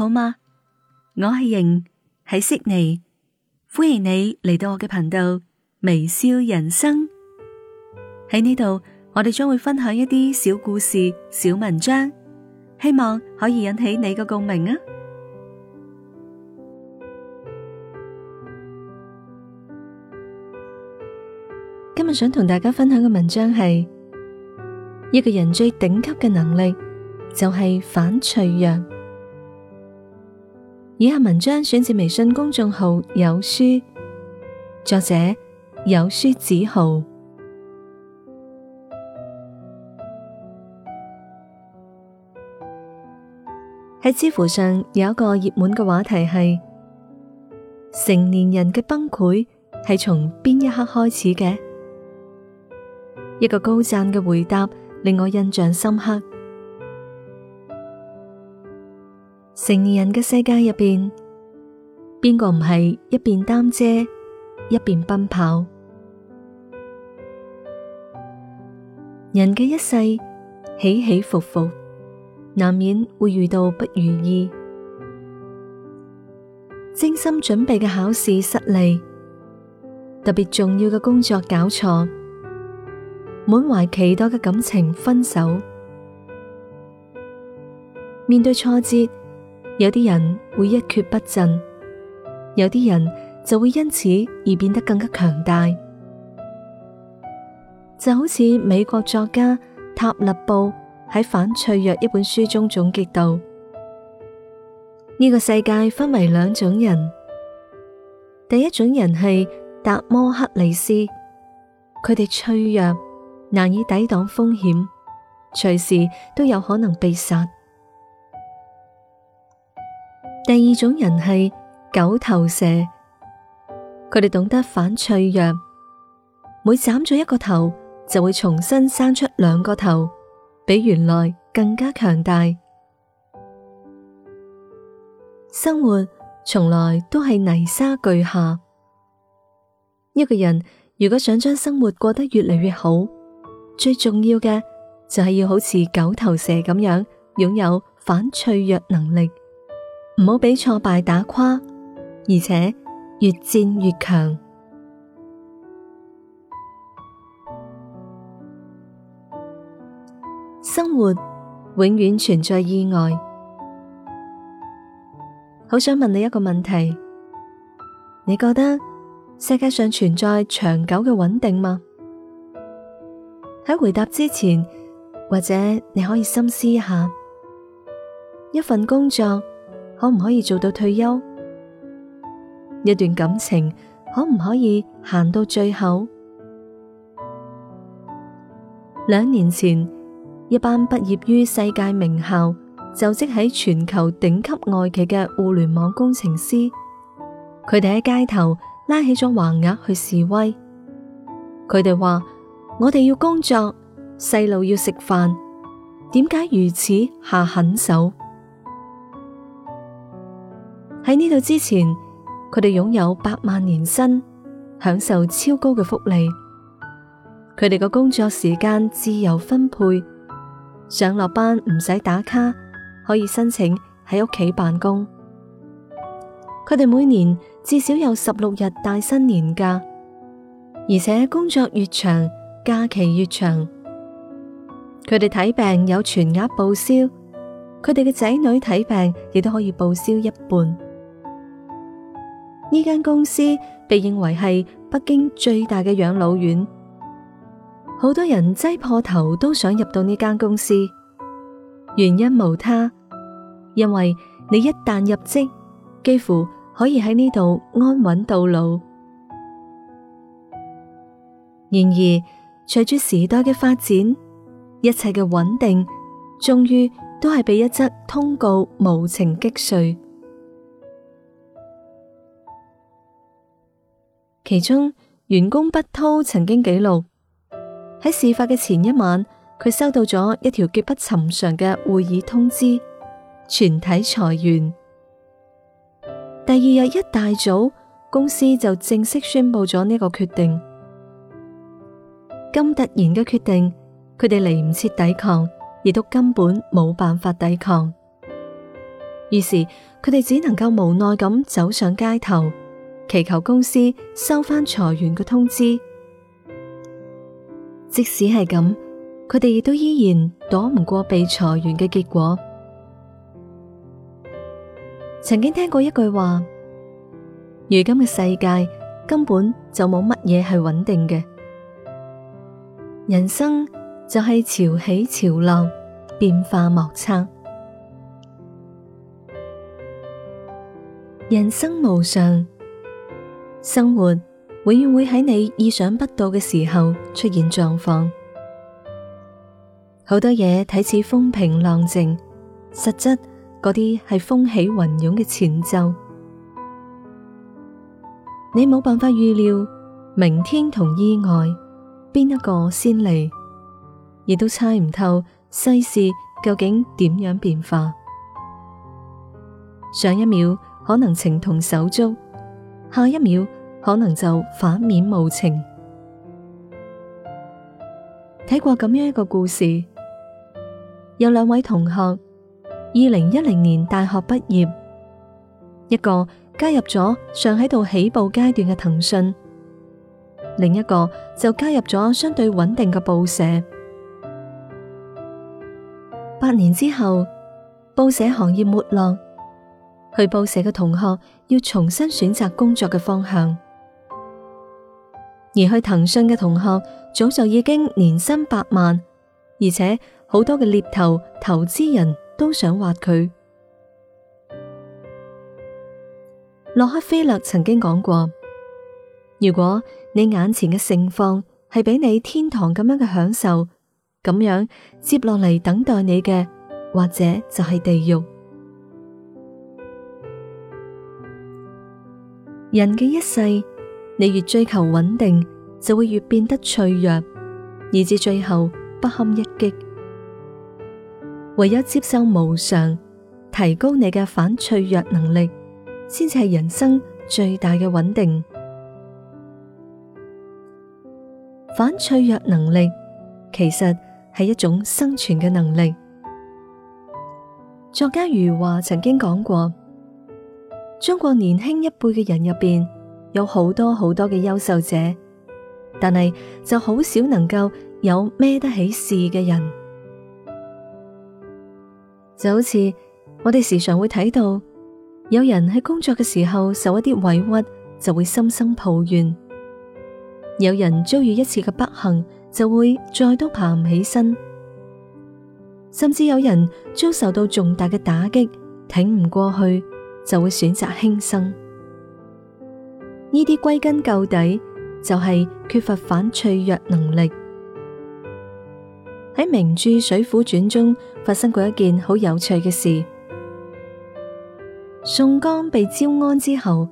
好嗎？我係瑩，喺悉尼，歡迎你嚟到我嘅頻道微笑人生。喺呢度，我哋將會分享一啲小故事、小文章，希望可以引起你嘅共鳴啊！今日想同大家分享嘅文章係：一個人最頂級嘅能力就係反脆弱。以下文章選自微信公眾號有書，作者有書子豪。喺知乎上有一個熱門嘅話題係：成年人嘅崩潰係從邊一刻開始嘅？一個高讚嘅回答令我印象深刻。成年人嘅世界入邊，邊個唔係一邊擔遮一邊奔跑？人嘅一世起起伏伏，難免會遇到不如意。精心準備嘅考試失利，特別重要嘅工作搞錯，滿懷期待嘅感情分手，面對挫折。有啲人會一蹶不振，有啲人就會因此而變得更加強大。就好似美國作家塔勒布喺《反脆弱》一本書中總結到：呢個世界分為兩種人，第一種人係達摩克里斯，佢哋脆弱，難以抵擋風險，隨時都有可能被殺。第二種人係九頭蛇，佢哋懂得反脆弱，每斬咗一個頭就會重新生出兩個頭，比原來更加強大。生活從來都係泥沙俱下，一個人如果想將生活過得越嚟越好，最重要嘅就係要好似九頭蛇咁樣，擁有反脆弱能力。唔好俾挫敗打垮，而且越戰越強。生活永遠存在意外。好想問你一個問題：你覺得世界上存在長久嘅穩定嗎？喺回答之前，或者你可以深思一下，一份工作，可唔可以做到退休？一段感情可唔可以行到最後？兩年前，一班畢業於世界名校、就職喺全球頂級外企嘅互聯網工程師，佢哋喺街頭拉起咗橫額去示威。佢哋話：我哋要工作，細路要食飯，點解如此下狠手？喺呢度之前，佢哋擁有百萬年薪，享受超高嘅福利。佢哋嘅工作時間自由分配，上落班唔使打卡，可以申請喺屋企辦公。佢哋每年至少有十六日帶薪年假，而且工作越長，假期越長。佢哋睇病有全額報銷，佢哋嘅仔女睇病亦都可以報銷一半。呢間公司被認為係北京最大嘅養老院，好多人擠破頭都想入到呢間公司，原因無他，因為你一旦入職，幾乎可以喺呢度安穩到老。然而，隨住時代嘅發展，一切嘅穩定，終於都係被一則通告無情擊碎。其中員工畢濤曾經記錄喺事發嘅前一晚，佢收到咗一條極不尋常嘅會議通知，全體裁員。第二日一大早，公司就正式宣布咗呢個決定。咁突然嘅決定，佢哋嚟唔切抵抗，亦都根本冇辦法抵抗。於是佢哋只能夠無奈咁走上街頭。祈求公司收返裁員嘅通知，即使係咁，佢哋亦都依然躲唔過被裁員嘅結果。曾經聽過一句話，如今嘅世界根本就冇乜嘢係穩定嘅，人生就係潮起潮落，變化莫測，人生無常。生活永遠會喺你意想不到嘅時候出現狀況，好多嘢睇似風平浪靜，實質嗰啲係風起雲湧嘅前奏。你冇辦法預料明天同意外邊一個先嚟，亦都猜唔透世事究竟點樣變化。上一秒可能情同手足。下一秒可能就反面無情。睇過咁樣一個故事，有兩位同學，二零一零年大學畢業，一個加入咗尚喺度起步階段嘅騰訊，另一個就加入咗相對穩定嘅報社。八年之後，報社行業沒落。去報社嘅同學要重新選擇工作嘅方向，而去騰訊嘅同學早就已經年薪百萬，而且好多嘅獵頭、投資人都想挖佢。洛克菲勒曾經講過：如果你眼前嘅盛況係俾你天堂咁樣嘅享受，咁樣接落嚟，等待你嘅，或者就係地獄。人嘅一世，你越追求穩定，就會越變得脆弱，以至最後不堪一擊。唯有接受無常，提高你嘅反脆弱能力，先至係人生最大嘅穩定。反脆弱能力，其實係一種生存嘅能力。作家余華曾經講過。中國年輕一輩嘅人入邊，有好多好多嘅優秀者，但係就好少能夠有孭得起事嘅人。就好似我哋時常會睇到，有人喺工作嘅時候受一啲委屈，就會心生抱怨；有人遭遇一次嘅不幸，就會再都爬唔起身；甚至有人遭受到重大嘅打擊，挺唔過去。就會選擇輕生，呢啲歸根究底就係、是、缺乏反脆弱能力。喺名著《水滸傳》中發生過一件好有趣嘅事，宋江被招安之後，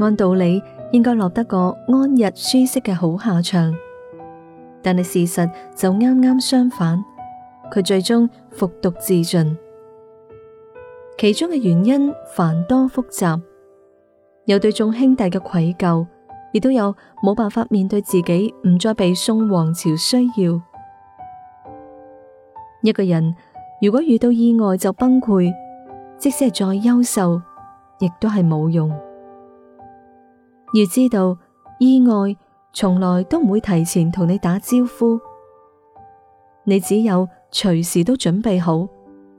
按道理應該落得個安逸舒適嘅好下場，但係事實就啱啱相反，佢最終服毒自盡。其中嘅原因繁多複雜，有對眾兄弟嘅愧疚，亦都有冇辦法面對自己唔再被宋皇朝需要。一個人如果遇到意外就崩潰，即使係再優秀，亦都係冇用。要知道，意外從來都唔會提前同你打招呼，你只有隨時都準備好。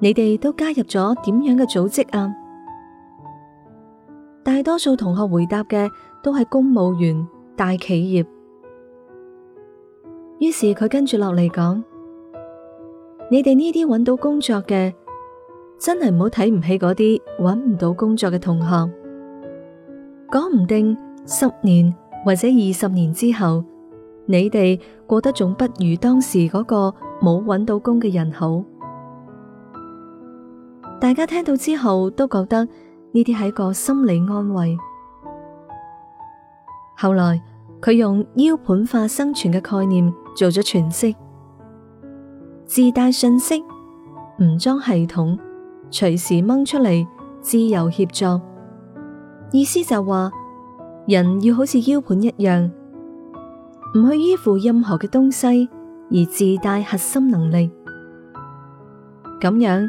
你哋都加入咗點樣嘅組織啊？大多數同學回答嘅都係公務員、大企業。於是佢跟住落嚟講：你哋呢啲搵到工作嘅，真係唔好睇唔起嗰啲搵唔到工作嘅同學。講唔定十年或者二十年之後，你哋過得仲不如當時嗰個冇搵到工嘅人好。大家聽到之後都覺得呢啲係個心理安慰。後來佢用 U 盤化生存嘅概念做咗詮釋，自帶信息，唔裝系統，隨時掹出嚟，自由協作。意思就話人要好似 U 盤一樣，唔去依附任何嘅東西，而自帶核心能力，咁樣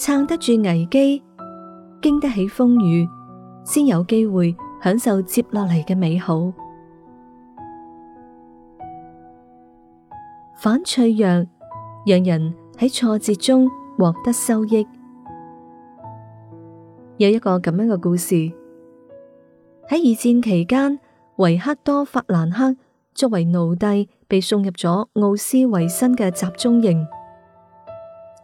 撐得住危機，經得起風雨，先有機會享受接落嚟嘅美好。反脆弱，讓人喺挫折中獲得收益。有一個咁樣嘅故事：喺二戰期間，維克多·法蘭克作為奴隸被送入咗奧斯維辛嘅集中營。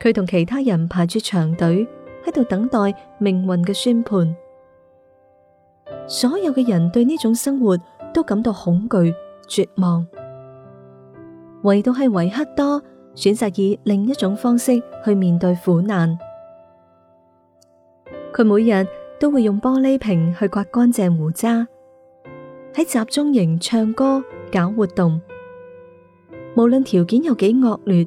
佢同其他人排住長隊喺度等待命運嘅宣判。所有嘅人對呢種生活都感到恐懼、絕望，唯獨係維克多選擇以另一種方式去面對苦難。佢每日都會用玻璃瓶去刮乾淨鬍渣，喺集中營唱歌、搞活動，無論條件有幾惡劣。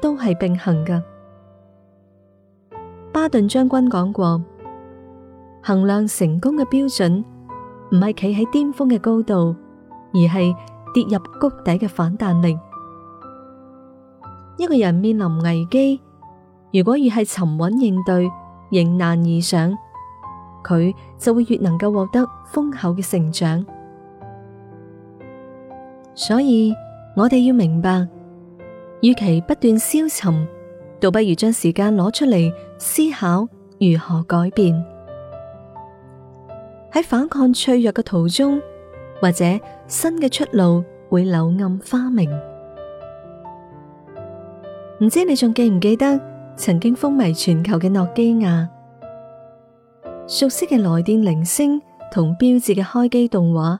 都係並行噶。巴頓將軍講過，衡量成功嘅標準唔係企喺巔峰嘅高度，而係跌入谷底嘅反彈力。一個人面臨危機，如果越係沉穩應對，迎難而上，佢就會越能夠獲得豐厚嘅成長。所以我哋要明白。與其不斷消沉，倒不如將時間攞出嚟思考如何改變。喺反抗脆弱嘅途中，或者新嘅出路會柳暗花明。唔知你仲記唔記得曾經風靡全球嘅諾基亞，熟悉嘅來電鈴聲同標誌嘅開機動畫，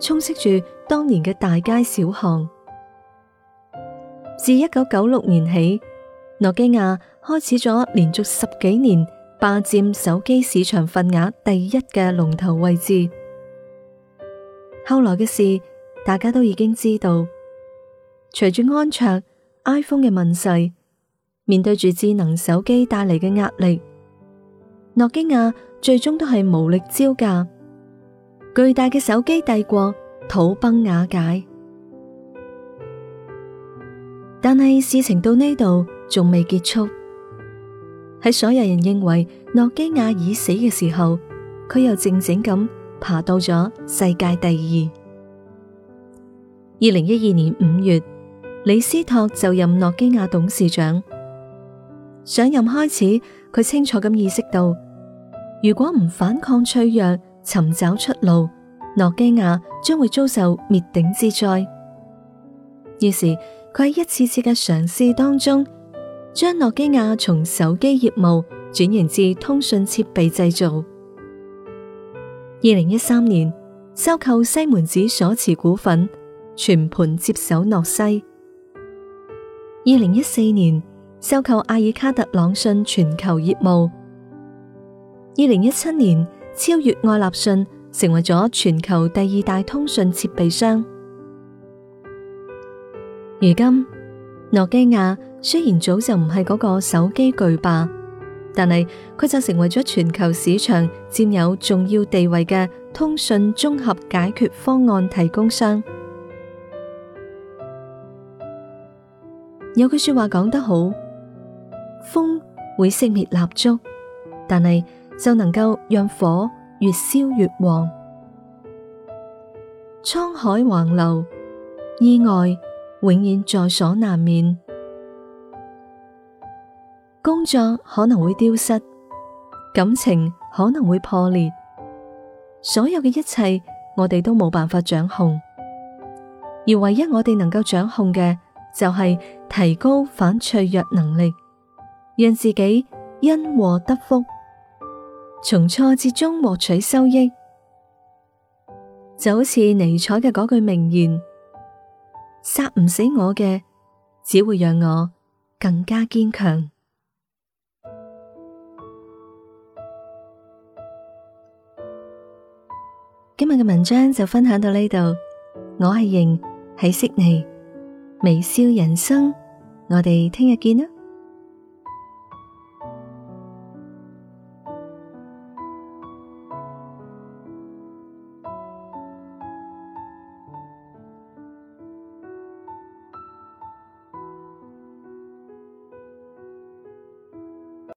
充斥住當年嘅大街小巷。自一九九六年起，諾基亞開始咗連續十幾年霸佔手機市場份額第一嘅龍頭位置。後來嘅事，大家都已經知道。隨住安卓、iPhone 嘅問世，面對住智能手機帶嚟嘅壓力，諾基亞最終都係無力招架，巨大嘅手機帝國土崩瓦解。但係事情到呢度仲未結束，喺所有人認為諾基亞已死嘅時候，佢又靜靜咁爬到咗世界第二。二零一二年五月，李斯托就任諾基亞董事長。上任開始，佢清楚咁意識到，如果唔反抗脆弱、尋找出路，諾基亞將會遭受滅頂之災。於是。佢喺一次次嘅嘗試當中，將諾基亞從手機業務轉型至通訊設備製造。二零一三年，收購西門子所持股份，全盤接手諾西。二零一四年，收購阿爾卡特朗訊全球業務。二零一七年，超越愛立信，成為咗全球第二大通訊設備商。如今，諾基亞雖然早就唔係嗰個手機巨霸，但係佢就成為咗全球市場佔有重要地位嘅通訊綜合解決方案提供商。有句說話講得好：風會熄滅蠟燭，但係就能夠讓火越燒越旺。滄海橫流，意外，永遠在所難免，工作可能會丟失，感情可能會破裂，所有嘅一切我哋都冇辦法掌控，而唯一我哋能夠掌控嘅就係提高反脆弱能力，讓自己因禍得福，從挫折中獲取收益，就好似尼采嘅嗰句名言。殺唔死我嘅，只會讓我更加堅強。今日嘅文章就分享到呢度，我係認，喺悉尼微笑人生，我哋聽日見啦。